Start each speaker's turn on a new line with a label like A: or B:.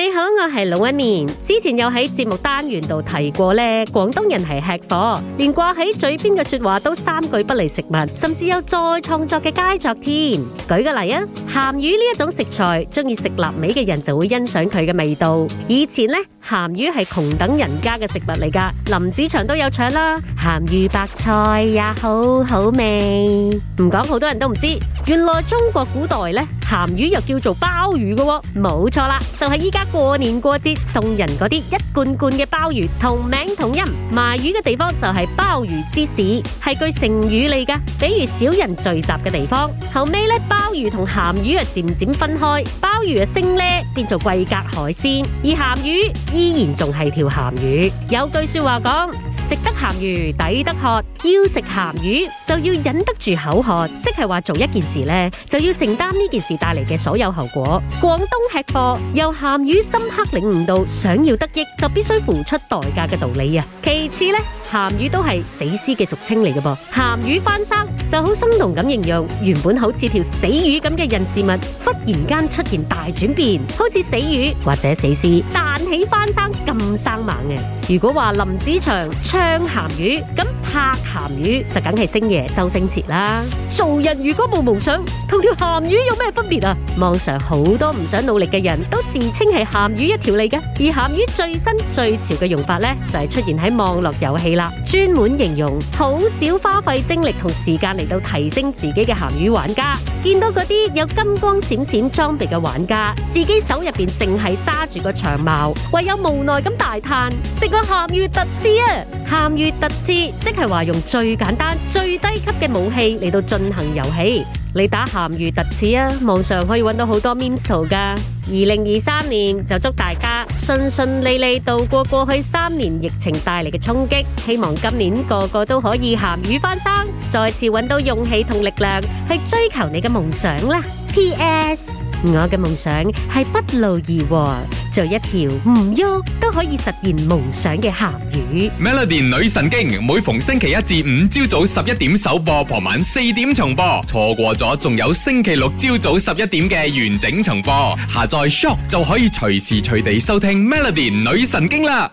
A: 你好，我係老一年。之前有喺節目單元度提過呢，廣東人係吃貨，連掛喺嘴邊嘅說話都三句不離食物，甚至有再創作嘅佳作添。舉個例啊，鹹魚呢一種食材，中意食臘味嘅人就會欣賞佢嘅味道。以前呢，鹹魚係窮等人家嘅食物嚟噶，林子祥都有唱啦，《鹹魚白菜也好好味》。唔講好多人都唔知，原來中國古代呢。鹹魚又叫做鮑魚嘅、哦，冇錯啦，就係依家過年過節送人嗰啲一罐罐嘅鮑魚，同名同音賣魚嘅地方就係鮑魚之肆，係句成語嚟㗎。比如小人聚集嘅地方。後尾呢，鮑魚同鹹魚啊漸漸分開，鮑魚啊升呢，變做貴格海鮮，而鹹魚依然仲係條鹹魚。有句話說話講，食得鹹魚抵得渴，要食鹹魚就要忍得住口渴，即係話做一件事呢，就要承擔呢件事，帶嚟嘅所有後果，廣東吃貨由鹹魚深刻領悟到，想要得益就必須付出代價嘅道理啊！其次呢。鹹魚都係死屍嘅俗稱嚟嘅噃，鹹魚翻身就好生動咁形容原本好似條死魚咁嘅人事物，忽然間出現大轉變，好似死魚或者死屍，彈起翻身咁生猛嘅。如果話林子祥唱鹹魚，咁拍鹹魚就梗係星爺周星馳啦。做人如果冇夢想，同條鹹魚有咩分別啊？網上好多唔想努力嘅人都自稱係鹹魚一條嚟嘅，而鹹魚最新最潮嘅用法咧，就係、是、出現喺網絡遊戲。啦，專門形容好少花費精力同時間嚟到提升自己嘅咸魚玩家，見到嗰啲有金光閃閃裝備嘅玩家，自己手入邊淨係揸住個長矛，唯有無奈咁大嘆：食個咸魚突刺啊！咸魚突刺，即係話用最簡單、最低級嘅武器嚟到進行遊戲。你打鹹魚突刺啊！網上可以揾到好多 meme 圖噶。二零二三年就祝大家順順利利度過過去三年疫情帶嚟嘅衝擊，希望今年個個都可以鹹魚翻生，再次揾到勇氣同力量去追求你嘅夢想啦。P.S. 我嘅夢想係不勞而獲。做一條唔喐都可以實現夢想嘅鹹魚。Melody 女神經每逢星期一至五朝早十一點首播，傍晚四點重播。錯過咗仲有星期六朝早十一點嘅完整重播。下載 Shock 就可以隨時隨地收聽 Melody 女神經啦。